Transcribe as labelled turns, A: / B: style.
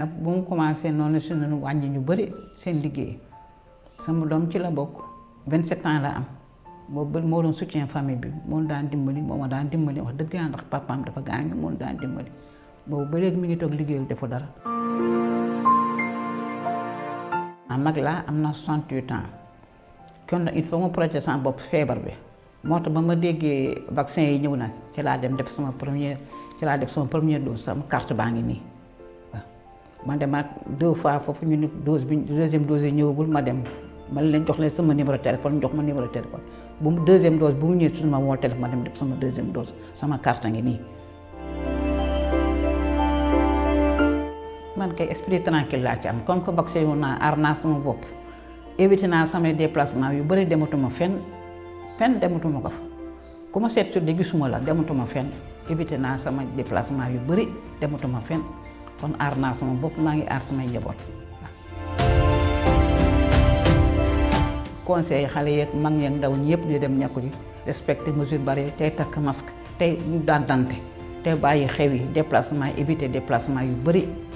A: ndax bu mu commencé noonu si noonu wàññi ñu bëri seen liggéey sama doom ci la bokk vingt sept ans la am boobu moo doon soutien famille bi moom daan dimbali moom daan dimbali wax dëgg yàlla ndax papaam dafa gaañu moom daan dimbali boobu ba léegi mi ngi toog liggéeyul defu dara. ah mag laa am na soixante huit ans kon nag il faut ma projet sama bopp feebar bi moo tax ba ma déggee vaccin yi ñëw na ci laa dem def sama première ci laa def sama première dose sama carte baa ngi nii. man demaat deux fois foofu ñu ne dose bi deuxième dose yi ñëwagul ma dem ma leen jox leen sama numéro téléphone jox ma numéro téléphone bu mu deuxième dose bu mu ñëwee su ma woo téléphone ma dem def sama deuxième dose sama carte ngi nii. man kay esprit tranquille laa ci am comme que vacciné wu naa aar naa sama bopp évité naa samay déplacement yu bëri dematuma fen fenn dematuma ko fa ku ma seet su de gisuma la dematuma fenn évité naa sama déplacement yu bëri dematuma fen kon aar naa sama bopp maa ngi aar samay njaboot conseil xale yeeg mag yeeg ndaw ñëpp ñu dem ñàkku ji respecter mesure barrière tey takk masque tey ñu daan dante tey bàyyi xew yi déplacement éviter déplacement yu bëri